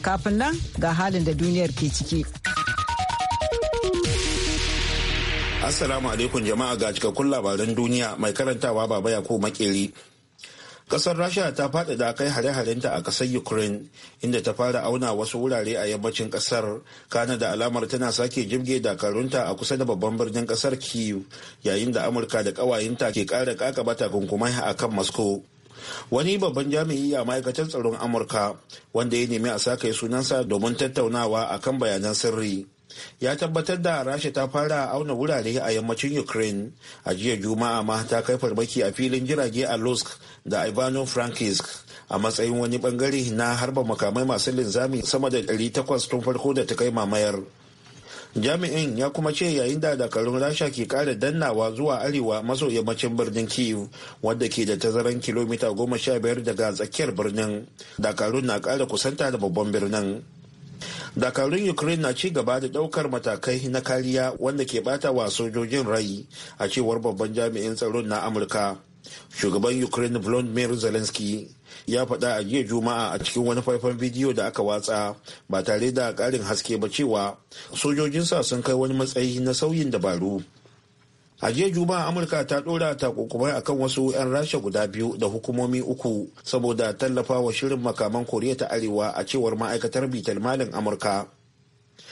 Kafin nan ga halin da duniyar ke ciki. Assalamu alaikum jama'a ga cikakkun labaran duniya mai karantawa baba ya ko makeri. Kasar Rasha ta faɗaɗa kai hare-harenta a ƙasar Ukraine inda ta fara auna wasu wurare a yammacin ƙasar. Kana da alamar tana sake jibge dakarunta a kusa da babban birnin ƙasar Kyiv yayin da Amurka da ƙawayenta ke ƙara ƙaƙaba takunkumai a kan Moscow. wani babban jami'i a ma'aikatar tsaron amurka wanda ya nemi a sake sunansa domin tattaunawa akan bayanan sirri ya tabbatar da rasha ta fara auna wurare a yammacin ukraine a jiya juma'a ma ta kai farmaki a filin jirage a lusk da ivano frankisk a matsayin wani bangare na harba makamai masu linzami sama da 800 tun farko da ta kai mamayar jami'in ya kuma ce yayin da dakarun rasha ke kara dannawa zuwa arewa maso yammacin birnin kiev wadda ke da tazaran kilomita goma sha biyar daga tsakiyar birnin dakarun na kara kusanta da babban birnin dakarun ukraine na ci gaba da daukar matakai na kariya wanda ke bata wa sojojin rai a cewar babban jami'in tsaron na amurka shugaban ukraine volodymyr zelensky ya faɗa a jiya juma'a a cikin wani faifan bidiyo da aka watsa ba tare da ƙarin haske ba cewa sojojinsa sun kai wani matsayi na sauyin dabaru a jiya juma'a amurka ta ɗora takunkumai akan wasu 'yan rasha guda biyu da hukumomi uku saboda tallafa wa shirin makaman koriya ta arewa a cewar ma'aikatar bitalmalin amurka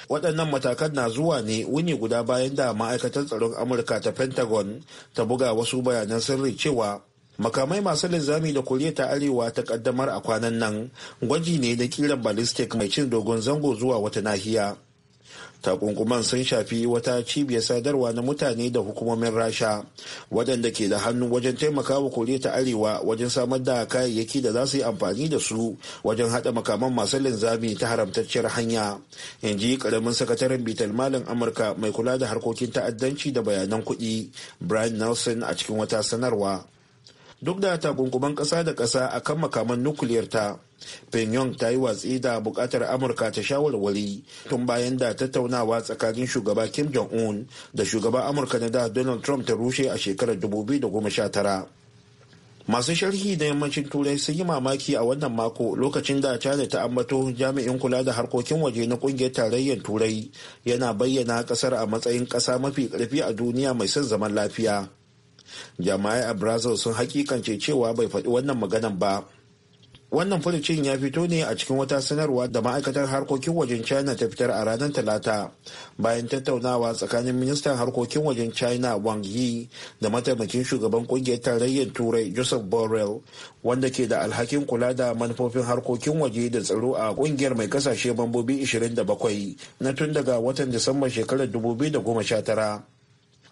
waɗannan matakan na zuwa ne wuni guda bayan da ma'aikatar tsaron amurka ta pentagon ta buga wasu bayanan sirri cewa makamai masu linzami da koriya ta arewa ta kaddamar a kwanan nan gwaji ne na kiran balistik mai cin dogon zango zuwa wata nahiya takunkuman sun shafi wata cibiyar sadarwa na mutane da hukumomin rasha waɗanda ke da hannu wajen taimakawa koriya ta arewa wajen samar da kayayyaki da za su yi amfani da su wajen haɗa makaman masu linzami ta haramtacciyar hanya in ji ƙaramin sakataren bitar malin amurka mai kula da harkokin ta'addanci da bayanan kuɗi brian nelson a cikin wata sanarwa duk da takunkuman ƙasa da ƙasa a kan makaman nukuliyarta pyongyang ta yi watsi da buƙatar amurka ta shawarwari tun bayan da tattaunawa tsakanin shugaba kim jong-un da shugaba amurka na da donald trump ta rushe a shekarar 2019 masu sharhi na yammacin turai sun yi mamaki a wannan mako lokacin da china ta ambato jami'in kula da harkokin waje na kungiyar tarayyar turai yana bayyana kasar a matsayin kasa mafi karfi a duniya mai son zaman lafiya jama'ai a brazil sun hakikance cewa bai faɗi wannan maganan ba wannan furucin ya fito ne a cikin wata sanarwa da ma'aikatar harkokin wajen china ta fitar a ranar talata bayan tattaunawa tsakanin ministan harkokin wajen china wang yi da mataimakin shugaban kungiyar tarayyar turai joseph borrell wanda ke da alhakin kula da manufofin harkokin waje da tsaro a kungiyar mai kasashe mambobi 27 na tun daga watan disamba shekarar 2019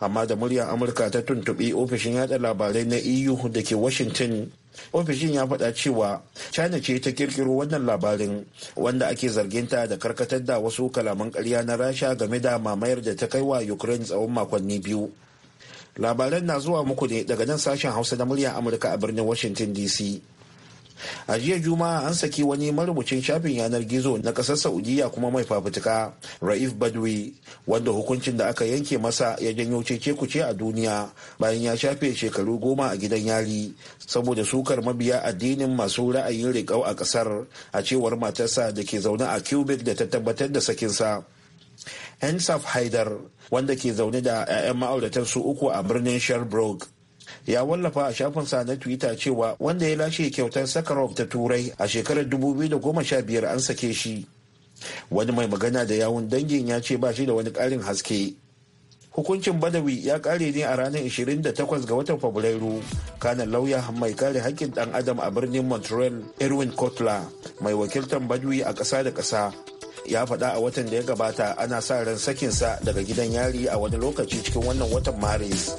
amma da muryar amurka ta tuntuɓi ofishin yada labarai na eu da ke washington ofishin ya faɗa cewa china ce ta kirkiro wannan labarin wanda ake zarginta da karkatar da wasu kalaman karya na rasha game da mamayar da ta kai wa ukraine tsawon makonni biyu labaran na zuwa muku ne daga nan sashen hausa na muryar amurka a birnin washington dc a jiya juma'a an saki wani marubucin shafin yanar gizo na kasar saudiya kuma mai fafutuka raif badwi wanda hukuncin da aka yanke masa ya janyo cece kuce a duniya bayan ya shafe shekaru goma a gidan yari saboda sukar mabiya addinin masu ra'ayin riƙau a ƙasar a cewar matarsa da ke zaune a cubic da ta tabbatar da sakinsa ensaf haidar wanda ke zaune da 'ya'yan ma'auratan su uku a birnin sherbrooke ya wallafa a shafinsa na twitter cewa wanda ya lashe kyautar sakharov ta turai a shekarar 2015 an sake shi wani mai magana da yawun dangin ya ce ba shi da wani karin haske hukuncin badawi ya kare ne a ranar 28 ga watan fabrairu kanan lauya mai kare haƙƙin ɗan adam a birnin montreal erwin kotler mai wakiltar badawi a ƙasa da ƙasa ya faɗa a watan da ya gabata ana sa ran sakinsa daga gidan yari a wani lokaci cikin wannan watan maris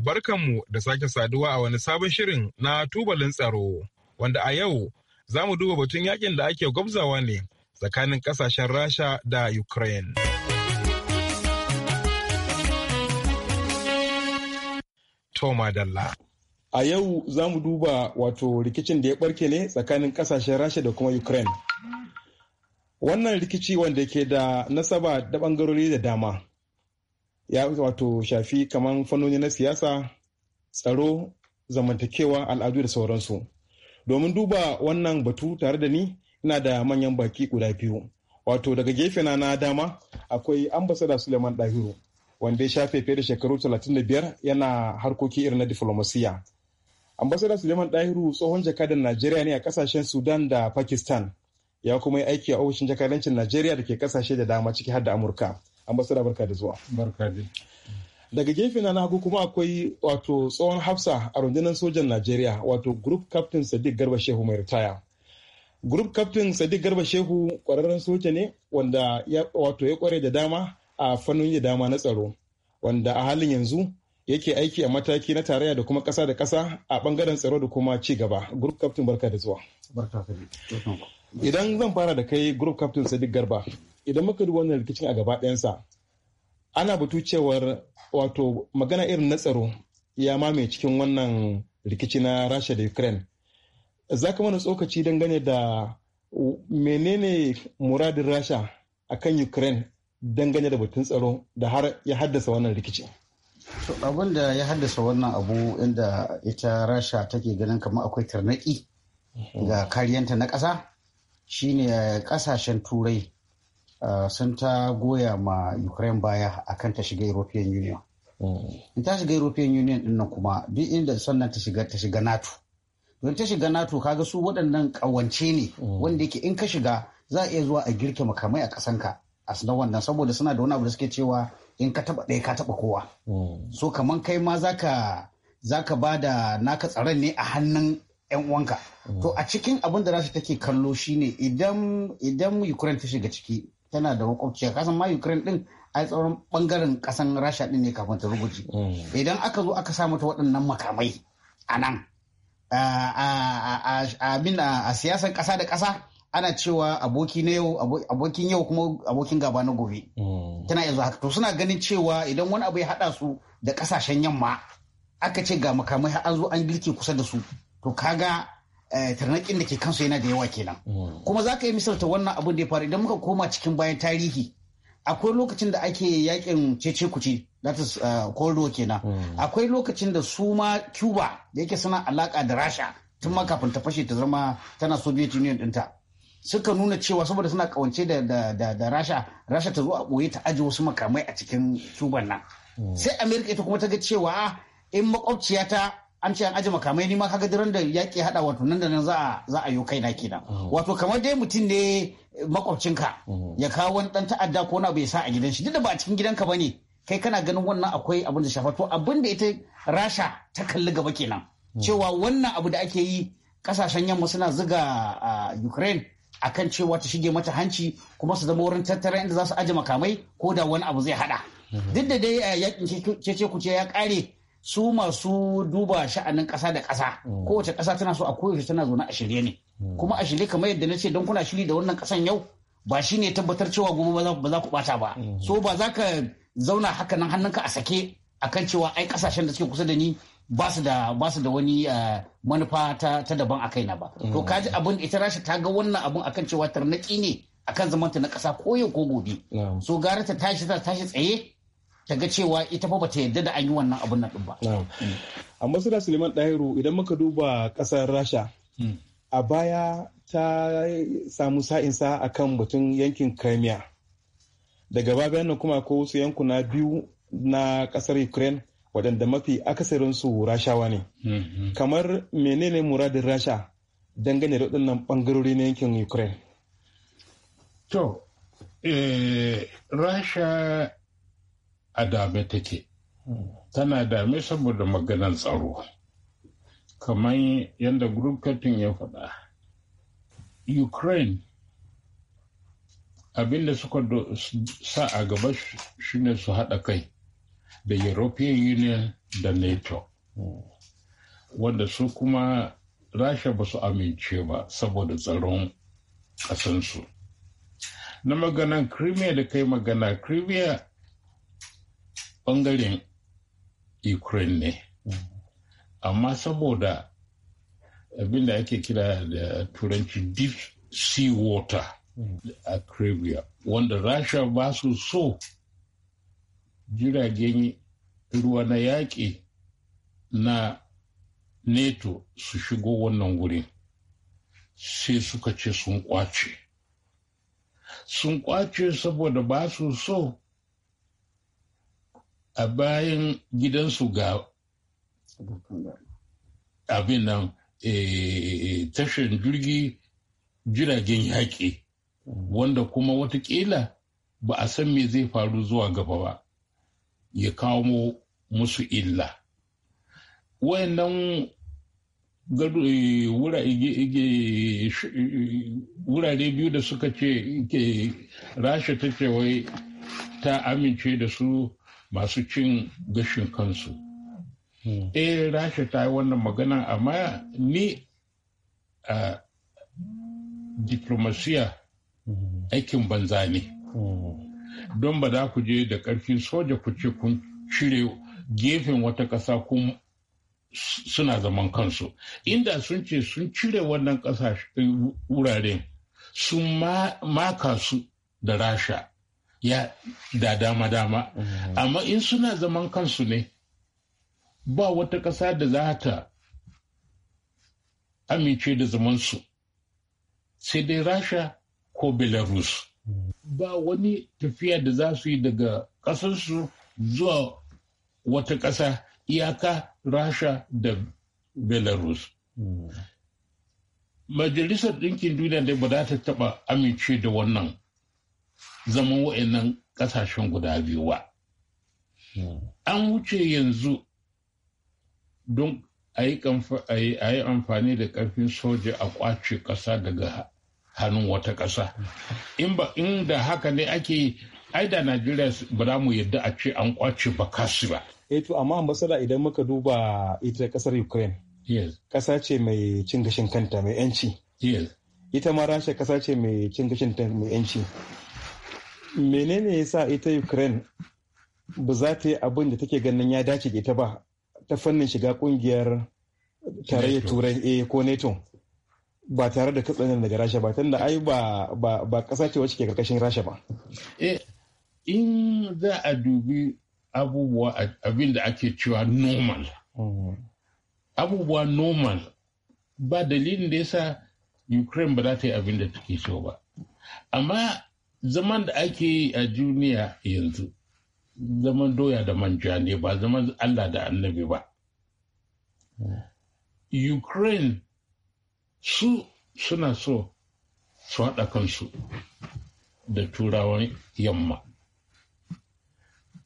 barkanmu da sake saduwa a wani sabon shirin na tubalin tsaro wanda a yau za mu duba batun yakin da ake gwabzawa ne tsakanin kasashen rasha da ukraine toma dalla a yau za mu duba wato rikicin da ya barke ne tsakanin kasashen rasha da kuma ukraine wannan rikici wanda ke da nasaba da bangarori da dama ya wato shafi kamar fannoni na siyasa tsaro zamantakewa al'adu da sauransu domin duba wannan batu tare da ni ina da manyan baki guda biyu wato daga gefe na na dama akwai ambasada suleiman dahiru wanda ya shafe fiye da shekaru 35 yana harkoki irin na diflomasiya ambasada suleiman dahiru tsohon jakadan najeriya ne a kasashen sudan da pakistan ya kuma yi aiki a ofishin jakadancin najeriya da ke kasashe da dama ciki har da amurka da barka da zuwa barka daga gefe na nagu kuma akwai wato tsohon hafsa a rundunar sojan najeriya wato group captain sadiq garba shehu mai ritaya group captain sadiq garba shehu kwararren soja ne wanda ya wato ya kware da dama a fannoni da dama na tsaro wanda a halin yanzu yake aiki a mataki na tarayya da kuma kasa da kasa a bangaren tsaro da kuma ci gaba group captain barka da zuwa barka idan zan fara da kai group captain sadiq garba idan muka duba wannan rikicin a gaba ɗayansa ana batu cewar wato magana irin na tsaro ya mame cikin wannan rikici na rasha da ukraine za ka mana tsokaci dangane da menene muradin rasha a kan ukraine dangane da batun tsaro da har ya haddasa wannan rikici abin da ya haddasa wannan abu inda ita rasha take ganin kamar akwai tarnaki ga kariyanta na ƙasa shine kasashen eh, turai eh, sun ta goya ma ukraine baya akan ta shiga european union mm. in ta shiga european union din nan kuma duk inda sannan ta shiga ta shiga nato don ta shiga nato kaga su waɗannan ƙawance ne mm. wanda yake in ka shiga za a iya zuwa a girke makamai a ƙasanka a sanar wannan saboda suna da wani abu da suke cewa in ka taɓa ɗaya ka taɓa kowa mm. so kaman kai ma zaka zaka ba da naka tsaron ne a hannun 'yan uwanka to a cikin abin da rasha take kallo shine idan idan ukraine ta shiga ciki tana da makwabciya kasan ma ukraine din ai tsawon bangaren kasan rasha din ne kafin ta rubuce mm. idan aka zo aka samu ta waɗannan makamai a nan a siyasar ƙasa da ƙasa ana cewa aboki na yau abokin yau kuma abokin gaba na gobe mm. tana yanzu haka to suna ganin cewa idan wani abu ya haɗa su da ƙasashen yamma aka ce ga makamai har an zo an girke kusa da su to kaga eh, tarnaƙin da ke kansu yana da yawa kenan mm. kuma za ka yi misalta wannan abin da ya faru idan muka koma cikin bayan tarihi akwai lokacin da ake yakin cece kuce that is eh, cold kenan mm. akwai lokacin da su ma cuba da yake suna alaka da rasha tun ma kafin ta fashe ta zama tana soviet union dinta suka nuna cewa saboda suna kawance da rasha rasha ta zo a boye ta ajiye wasu makamai a cikin cuban nan mm. sai amerika ita kuma ta ga cewa ah, in makwabciya an ce an ajiye makamai ni ma kaga daren da yaƙi haɗa wato nan da nan za a yi kai na kenan oh. wato kamar dai mutum ne makwabcinka oh. ya kawo wani dan ta'adda ko na bai sa a gidan shi duk da ba a cikin gidanka ba ne kai kana ganin wannan akwai abin da shafa to abin da ita rasha ta kalli gaba kenan hmm. cewa wannan abu da ake yi kasashen yamma suna zuga ukraine akan cewa ta shige mata hanci kuma su zama wurin tattara inda za su aje makamai ko da wani abu zai haɗa hmm. duk da dai yakin ku ce ya kare su masu duba sha'anin kasa da ƙasa mm. kowace kasa tana so a koyaushe tana zaune a shirye ne mm. kuma a shirye kamar yadda na ce don kuna shiri da wannan ƙasan yau ba shi ne tabbatar cewa gobe ba za ku bata ba mm. so ba za ka zauna haka nan hannunka a sake akan cewa ai ƙasashen da suke kusa da ni ba su da ba su da wani eh, manufa ta daban a kaina ba to kaji abin ita rasha ta ga wannan abin akan cewa tarnaki ne akan zamanta na kasa ko yau ko gobe so gara ta tashi ta tashi tsaye ta ga cewa ita fa bata yarda da an yi wannan abun nan ba. a suna Suleiman Dahiru idan muka duba kasar Rasha hmm. a baya ta samu sa'insa a kan batun yankin Crimea. Daga bayan nan kuma ko wasu yankuna biyu na kasar Ukraine waɗanda mafi akasarinsu Rashawa ne. Hmm. Kamar menene muradin Rasha dangane da waɗannan ɓangarori na yankin Ukraine? To, eh, Rasha a take tana dame saboda maganar tsaro kamar yadda group captain ya faɗa ukraine abinda suka sa a gaba shine su haɗa kai da european union da nato wanda su kuma rasha ba su amince ba saboda tsaron ƙasansu na maganan crimea da kai magana crimea bangaren ukraine ne amma saboda abinda ake kira da turanci deep sea water a crimea wanda rasha ba su so jiragen ruwa na yaƙi na neto su shigo wannan wurin sai suka ce sun kwace sun kwace saboda ba su so a bayan gidansu ga abin nan eh, tashin jirgi jiragen yaƙi wanda kuma watakila ba a san me zai faru zuwa gaba ba ya kawo musu illa wayannan eh, eh, wurare biyu da suka ce rasha ta ce wai ta amince da su masu cin gashin kansu. Hmm. Eh rasha ta yi wannan magana amma ni a diplomasiya hmm. aikin banza ne. Hmm. Don ba za ku je da ƙarfin soja ku ce kun cire gefen wata ƙasa kun suna zaman kansu. Inda sun ce sun cire wannan ƙasashe wuraren sun maka su da rasha ya da dama dama mm-hmm. amma in suna zaman kansu ne ba wata ƙasa da za ta amince da zamansu sai dai rasha ko belarus mm-hmm. ba wani tafiya da za su yi daga ƙasarsu zuwa wata ƙasa iyaka rasha da belarus mm-hmm. majalisar ɗinkin duniya da ba za ta taɓa amince da wannan zaman wa'annan kasashen guda biyu ba. An wuce yanzu don a yi amfani da ƙarfin soja a kwace ƙasa daga hannun wata ƙasa. In da haka ne ake ai da Najeriya ba za mu yadda a ce an kwace ba kasu eh ba. to amma matsala idan muka duba ita ƙasar Ukraine. Ƙasa ce mai cin gashin kanta mai 'yanci. Ita ma Rasha ƙasa ce mai cin gashin kanta mai 'yanci. menene yasa ita ukraine ba za ta yi abin da take ganin ya dace da ita ba ta fannin shiga kungiyar tarayyar turai a eh, ko nato ba tare da katsanin daga rasha ba tunda ai ba ba kasa ce wacce ke karkashin rasha ba eh, in za a dubi abubuwa abin da ake cewa normal mm-hmm. abubuwa normal ba dalilin da yasa ukraine ba za ta yi abin da take so ba amma zaman da ake yi a duniya yanzu zaman doya da manja ne ba zaman Allah da annabi ba. Ukraine su suna so su haɗa kansu da turawan yamma.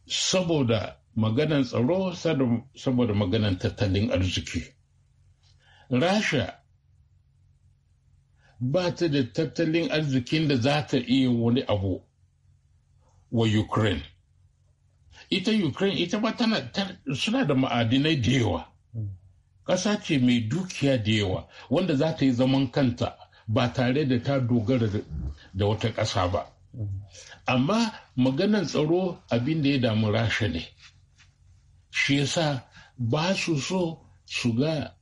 Saboda maganan tsaro saboda maganan tattalin arziki. Rasha ba ta da tattalin arzikin da za ta iya wani abu wa Ukraine. Ita Ukraine ita ba tana suna da ma'adinai da yawa. Ƙasa ce mai dukiya da yawa wanda za ta yi zaman kanta ba tare da ta dogara da wata ƙasa ba. Amma maganan tsaro abin da ya damu rasha ne. Shi yasa ba su so su ga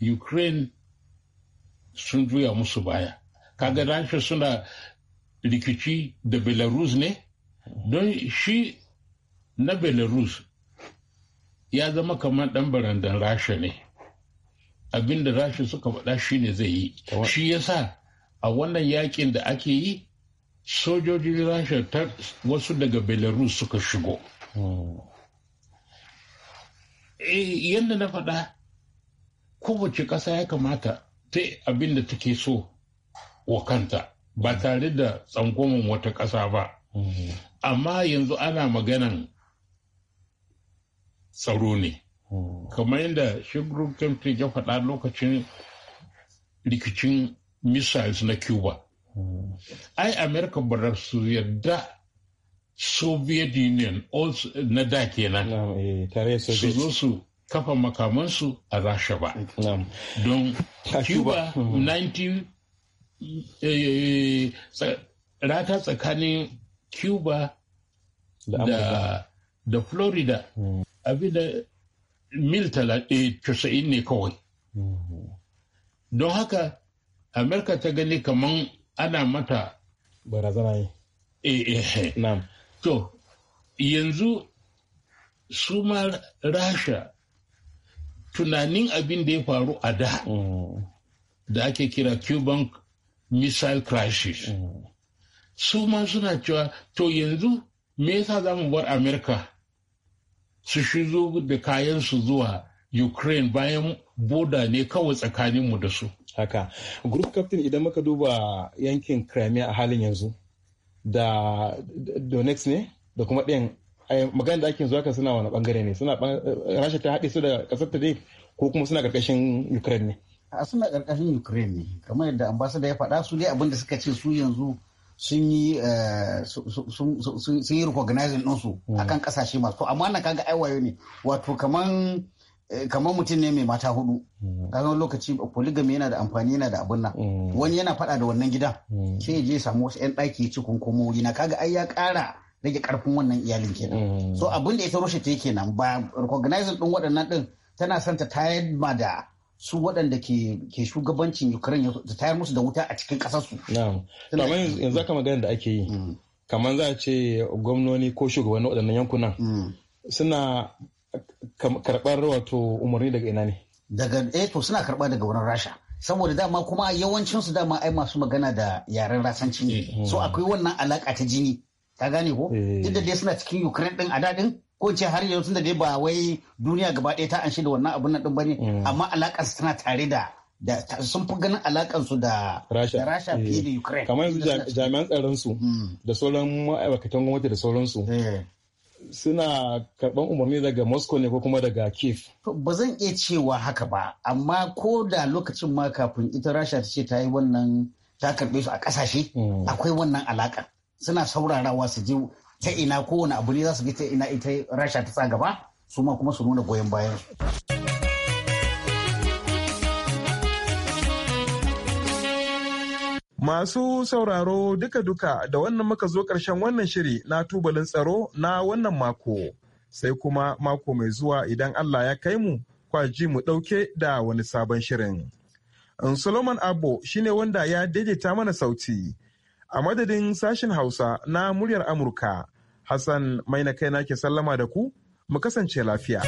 Ukraine sun juya musu baya kaga mm. rasha suna rikici da belarus ne don shi na belarus ya zama kamar dan barandan rasha ne abinda rasha suka faɗa shi ne zai yi shi yasa a wannan yakin da ake yi sojojin rasha ta wasu daga belarus suka shigo mm. eh, yadda na faɗa kowace ƙasa ya kamata ta abin da take so wa kanta ba tare da tsangwamin wata ƙasa ba mm. amma yanzu ana maganan tsaro ne mm. kamar yadda shugru kemtre ya faɗa lokacin rikicin missiles na cuba mm. ai america barar su yarda soviet union na da kenan eh, su zo su kafa makamansu a rasha ba don cuba 19 mm-hmm. eh, eh, eh, rata tsakanin cuba da florida mm-hmm. abin da mil 90 ne kawai mm-hmm. don haka amerika ta gani kamar ana mata barazana yi eh to yanzu su ma rasha tunanin abin da ya faru a da da ake kira cuban missile crisis su ma suna cewa to yanzu me yasa za mu bar amerika su shi da kayan su zuwa ukraine bayan boda ne kawai tsakaninmu da su haka group captain idan muka duba yankin crimea a halin yanzu da donetsk ne da kuma ɗin magana da ake zuwa kan suna wani bangare ne suna rasha ta haɗe su da ƙasar ta dai ko kuma suna ƙarƙashin ukraine ne a suna ƙarƙashin ukraine ne kamar yadda ambasada ya faɗa su dai abinda suka ce su yanzu sun yi eh, sun yi recognizing ɗinsu hmm. a kan ƙasashe masu to amma wannan kaga aiwayo ne wato kaman eh, kamar mutum ne mai mata hudu hmm. wani lokaci polygamy yana da amfani yana da abin nan hmm. wani yana faɗa da wannan gidan sai ya je samu wasu 'yan daki ya ci komo kaga ai ya ƙara rage karfin wannan iyalin kenan mm. so abin da ita rushe ta kenan ba recognizing din waɗannan din tana son ta tayar ma da su waɗanda ke shugabancin ukraine ta tayar musu da wuta a cikin ƙasarsu. kamar yanzu mm. aka magana da ake yi mm. kamar za a ce gwamnoni ko shugabannin waɗannan yankunan suna karɓar wato umarni daga ina ne daga eh to suna karɓa daga wurin rasha saboda dama kuma yawancinsu dama ai masu magana da yaren rasancin ne so akwai wannan alaƙa ta jini ta gane ko eh. duk da dai suna cikin ukraine din a daɗin ko ce har yanzu da dai ba wai duniya gaba ɗaya ta anshi da wannan abun nan din bane mm. amma alakar su tana tare da da sun fi ganin alakar su da rasha fiye eh. da ukraine kamar yanzu jami'an tsaron su mm. da sauran ma'aikatan gwamnati da sauran su eh. suna karban umarni daga moscow ne ko kuma daga kiev ba zan iya cewa haka ba amma ko da lokacin ma kafin ita rasha ta ce ta yi wannan ta karbe su a kasashe mm. akwai wannan alakar suna saurarawa su je ta ina kowane abu ne za su ji ta ina ita rasha ta sa gaba su ma kuma su nuna goyon bayan Masu sauraro duka-duka da wannan muka zo ƙarshen wannan shiri na tubalin tsaro na wannan mako. Sai kuma mako mai zuwa idan Allah ya kai mu kwaji mu ɗauke da wani sabon shirin. Solomon Abbo shine wanda ya daidaita mana sauti. A madadin sashen Hausa na muryar Amurka, Hassan mai na kai ke sallama da ku, mu kasance lafiya.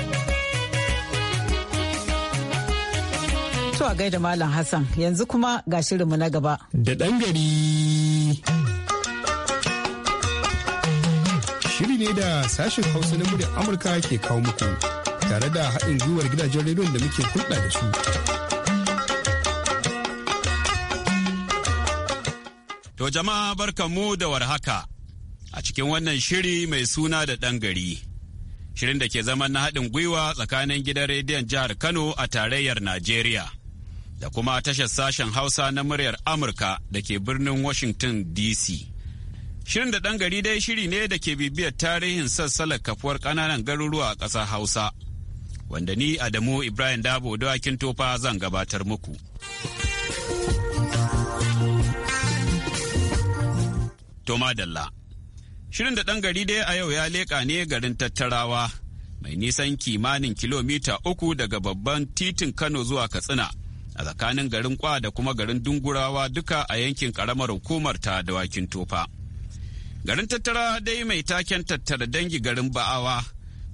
To a gaida Malam Hassan, yanzu kuma ga shirinmu na gaba. Da ɗan gari. Shiri ne da sashen Hausa na muryar Amurka ke kawo muku, tare da haɗin gwiwar gidajen rediyon da muke hulɗa da su. jama'a jama'a mu da warhaka a cikin wannan shiri mai suna da ɗan gari. Shirin da ke zama na haɗin gwiwa tsakanin gidan rediyon jihar Kano a tarayyar Najeriya da kuma tashar sashen Hausa na muryar Amurka da ke birnin Washington DC. Shirin da ɗan gari dai shiri ne da ke bibiyar tarihin sassalar kafuwar ƙananan garuruwa a ƙasar Hausa, wanda ni Adamu Ibrahim Dabo Dawakin Tofa zan gabatar muku. To madalla. Shirin da ɗan gari dai a yau ya leƙa ne garin tattarawa mai nisan kimanin kilomita uku daga babban titin Kano zuwa Katsina a tsakanin garin Kwa da kuma garin Dungurawa duka a yankin ƙaramar hukumar ta dawakin tofa. Garin tattara dai mai taken tattara dangi garin ba'awa,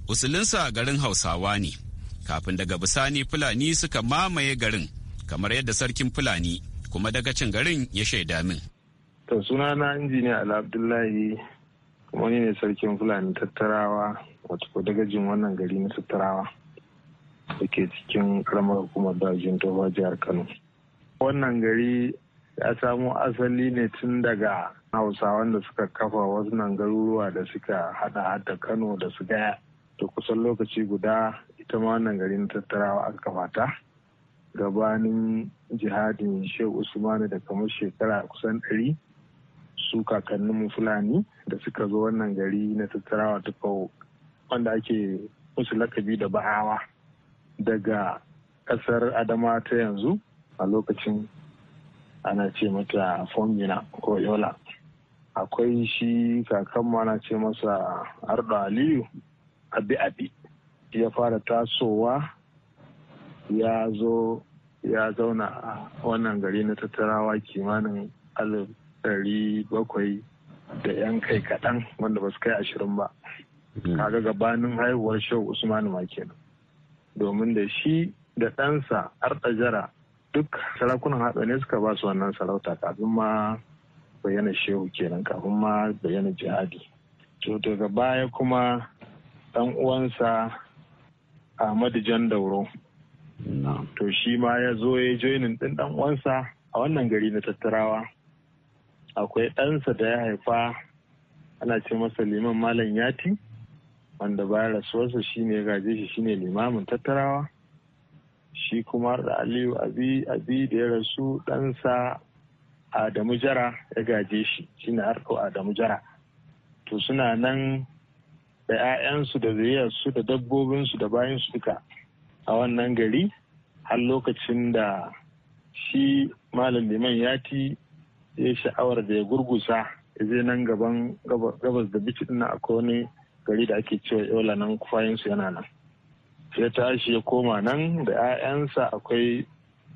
usulinsa garin Hausawa ne. Kafin daga bisani Fulani suka mamaye garin, kamar yadda sarkin Fulani kuma dagacin garin ya shaida min. To suna na injiniya Al'Abdullahi Abdullahi kuma ni ne sarkin Fulani tattarawa wato dagajin wannan gari na tattarawa da ke cikin karamar hukumar dajin tofa jihar Kano. Wannan gari ya samo asali ne tun daga Hausawan da suka kafa wasu nan garuruwa da suka hada hada Kano da su gaya. To kusan lokaci guda ita ma wannan gari na tattarawa aka kamata. gabanin jihadin Shehu Usmanu da kamar shekara kusan ɗari su kakanninmu fulani da suka zo wannan gari na tattarawa kawo, wanda ake musu lakabi da bahawa daga ƙasar adama ta yanzu a lokacin ana ce mata fomina ko yola akwai shi kakanmu ana ce masa ardo aliyu abi abi ya fara tasowa ya zo ya zauna a wannan gari na tattarawa kimanin alif ɗari bakwai da 'yan kai kaɗan wanda ba su kai ashirin ba hmm. kaga gabanin haihuwar shau usman ma kenan domin da shi da ɗansa artajara duk sarakunan ne suka ba su wannan sarauta kafin ma bayyana shehu kenan kafin ma bayyana jihadi to daga baya kuma ɗan uwansa ahmadu jan dauro to shi ma ya zo ya joinin ɗin ɗan uwansa a wannan gari na tattarawa akwai ɗansa da ya haifa ana ce masa liman malam yati wanda bayan rasuwarsa shi ne gaje shi shine limamin tattarawa shi kuma da aliyu abi da ya rasu ɗansa adamu jara ya gaje shi shine harko adamu jara to suna nan da 'ya'yansu da zuriyarsu da dabbobinsu da bayansu duka a wannan gari har lokacin da shi malam liman yati ya sha'awar da ya gurgusa ya je nan gaban gabas da biki na akwai wani gari da ake cewa yola nan kwayinsu yana nan ya tashi ya koma nan da 'ya'yansa akwai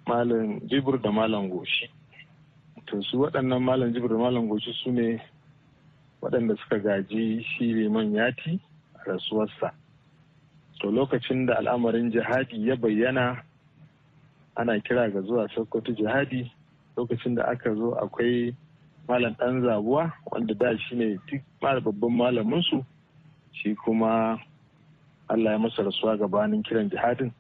malam jibir da malam goshi to su waɗannan malam jibir da malam goshi su ne waɗanda suka gaji shi liman yati a rasuwarsa to lokacin da al'amarin jihadi ya bayyana ana kira ga zuwa sokoto jihadi lokacin da aka zo akwai malam ɗan zabuwa wanda da shi ne duk babban malaminsu shi kuma allah ya masa rasuwa gabanin kiran jihadin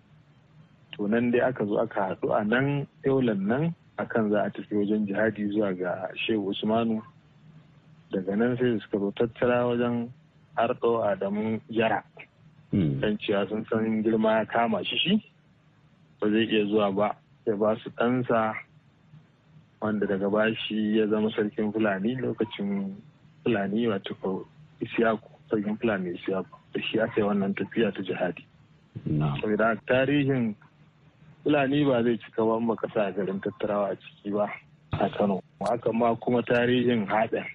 to nan dai aka zo aka haɗu a nan yaulan nan akan za a tafi wajen jihadi zuwa ga shehu usmanu daga nan sai suka zo tattara wajen harɗo adamu yara hmm. dan cewa sun san girma ya kama shi shi ba zai iya zuwa ba ya ba su ɗansa wanda daga bashi ya zama sarkin fulani lokacin fulani wato isiyaku sarkin fulani isiyaku da shi aka yi wannan tafiya ta jihadi saboda tarihin fulani ba zai cika ba baka a garin tattarawa a ciki ba a kano haka ma kuma tarihin haɗin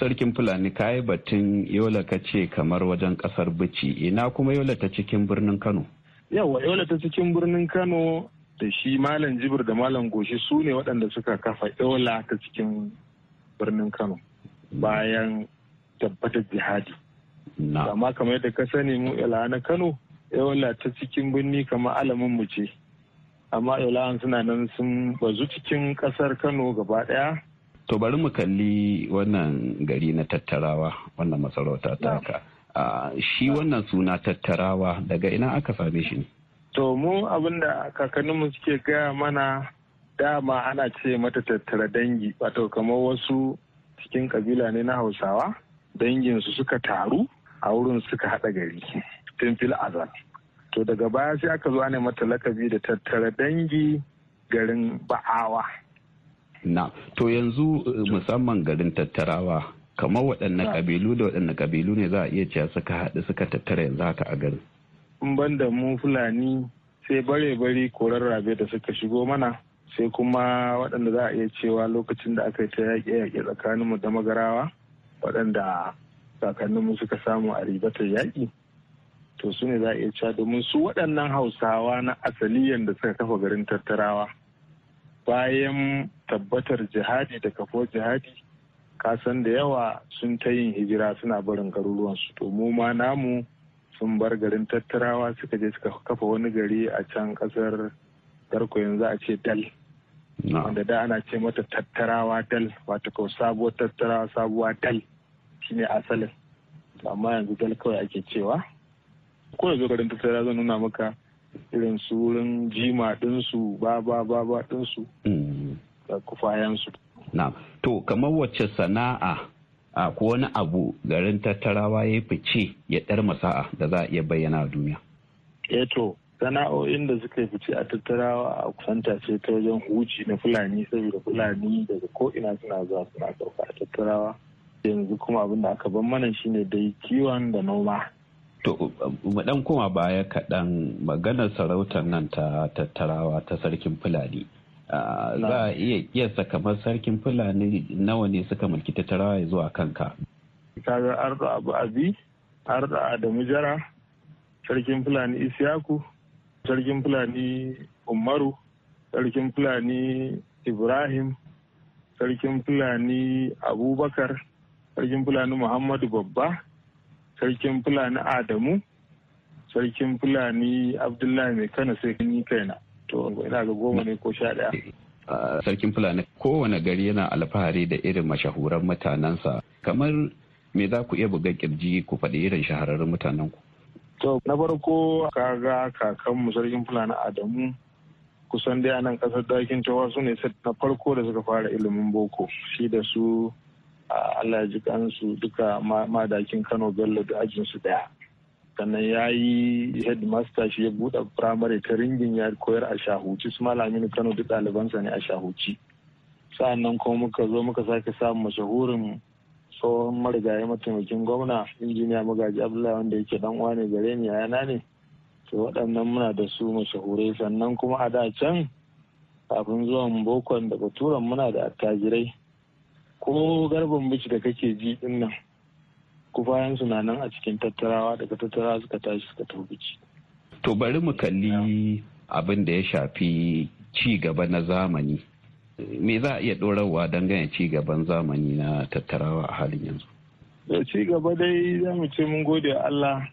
sarkin fulani kayi batun yola ka ce kamar wajen kasar bici ina kuma yola ta cikin birnin kano yawa yola ta cikin birnin kano da shi malam jibir da malam goshi su ne waɗanda suka kafa yola ta cikin birnin kano bayan tabbatar jihadi amma kamar yadda ka sani mu yola na kano yola ta cikin birni kamar alamin mu ce amma yola suna nan sun bazu cikin ƙasar kano gaba ɗaya to bari mu kalli wannan gari na tattarawa wannan masarauta ta ka ah, shi wannan suna tattarawa daga ina aka same shi ne To mu abinda kakanninmu suke gaya mana dama ana ce mata tattara dangi wato kamar wasu cikin kabila ne na hausawa danginsu suka taru a wurin suka haɗa gari tun azal. To daga baya sai aka zo ne mata lakabi da tattara dangi garin ba'awa. Na, to yanzu eh, musamman garin tattarawa kamar waɗannan kabilu da waɗannan kabilu ne za a iya cewa suka haɗu suka tattara yanzu haka a garin. in ban da mu fulani sai bare-bare korar rabe da suka shigo mana sai kuma waɗanda za a iya cewa lokacin da aka yi ta yaƙe-yaƙe mu da magarawa waɗanda kakanninmu suka samu a ribatar yaƙi to su ne za a iya cewa domin su waɗannan hausawa na asaliyan da suka kafa garin tattarawa bayan tabbatar jihadi da kafo jihadi kasan da yawa sun ta yin hijira suna barin garuruwansu to mu ma namu sun bar garin tattarawa suka je suka kafa wani gari a can kasar tarko yanzu a ce dal wanda da ana ce mata tattarawa dal wata kawai sabuwar tattarawa sabuwa dal shine asalin amma yanzu dal kawai ake cewa ko yanzu garin tattara zan nuna maka irin su wurin jima dinsu ba ba ba ba dinsu mm. da kufayensu. na to kamar wacce sana'a a ko wani abu garin tattarawa ya fice ya ɗar masa'a da za a iya bayyana a duniya. Eto eh sana'o'in da suka yi fice a tattarawa a kusanta ce ta wajen huji na fulani saboda fulani daga ko'ina suna zuwa suna ɗauka a tattarawa yanzu kuma abin da aka ban mana shine dai kiwon da noma. To, mu ɗan koma baya kaɗan maganar sarautar nan ta tattarawa ta sarkin Fulani. Ah, za a iya kiyasta kamar sarkin fulani nawa ne suka mulki tarawa zuwa kanka kaga arda abu abi arda adamu jara sarkin fulani isyaku sarkin fulani umaru sarkin fulani ibrahim sarkin fulani abubakar sarkin fulani muhammadu babba sarkin fulani adamu sarkin fulani abdullahi mai kana sai kan yi kaina to ina ga goma ne ko sha ɗaya. sarkin fulani kowane gari yana alfahari da irin mashahuran mutanensa kamar me za ku iya buga kirji ku faɗi irin shahararrun mutanen ku. to na farko kaga kakanmu sarkin fulani adamu kusan dai nan kasar dakin cewa su ne na farko da suka fara ilimin boko shi da su Allah ya ji kansu duka madakin Kano Bello da ajinsu daya sannan ya yi headmaster shi ya buɗe firamare ta ringin ya koyar a shahuci su malamin kano duk ɗalibansa ne a shahuci sa'annan kuma muka zo muka sake samun mashahurin tsohon marigayi mataimakin gwamna injiniya magaji abdullahi wanda yake dan uwa ne gare ni yana ne to waɗannan muna da su mashahurai sannan kuma a da can kafin zuwan bokon da baturan muna da attajirai ko garban biki da kake ji dinnan kufayen su na nan a cikin tattarawa daga tattara suka tashi suka taubici. To bari mu kalli abin da ya shafi ci gaba na zamani. Me za a iya don ganin ci gaban zamani na tattarawa a halin yanzu? Da eh, ci gaba dai za mu ce mun gode Allah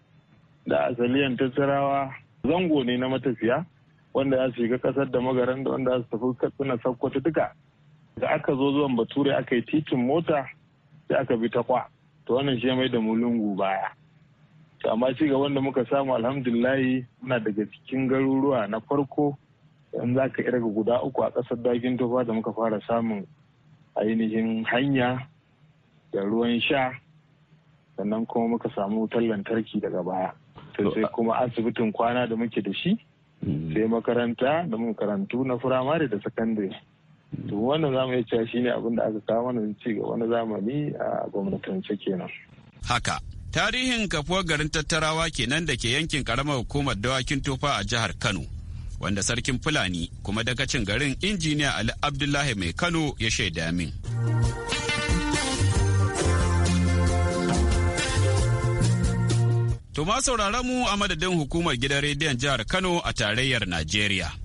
da asaliyan tattarawa zango ne na matafiya wanda ya shiga kasar da magaran da wanda ya tafi katsina sakkwata duka. Da aka zo zuwan bature aka yi titin mota sai aka bi ta kwa. to wannan shi mai da mulungu baya to amma ci gaban da muka samu alhamdulillahi muna daga cikin garuruwa na farko in za ka irga guda uku a ƙasar dagin tofa da muka fara samun ainihin hanya da ruwan sha sannan kuma muka samu wutar lantarki daga baya sai kuma asibitin kwana da muke da shi hmm. sai makaranta da makarantu na firamare da sakandare to wannan zamu iya cewa shine abin da aka kawo mana ci gaba na zamani a gwamnatance kenan haka tarihin kafuwar garin tattarawa kenan da ke yankin karamar hukumar dawakin tofa a jihar kano wanda sarkin fulani kuma dakacin garin injiniya ali abdullahi mai kano ya shaida min Tuma sauraron mu a madadin hukumar gidan rediyon jihar Kano a tarayyar Najeriya.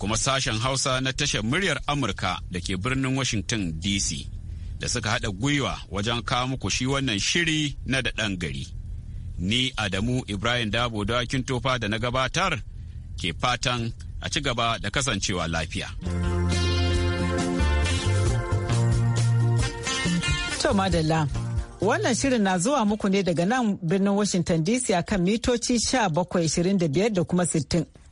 kuma sashen Hausa na tashar muryar Amurka da ke birnin Washington DC da suka haɗa gwiwa wajen kawo muku shi wannan shiri na da ɗan gari. Ni Adamu Ibrahim Dabo dawakin tofa da na gabatar ke fatan a ci gaba da kasancewa lafiya. To madalla. Wannan shirin na zuwa muku ne daga nan birnin Washington DC a kan mitoci 25 da kuma 60.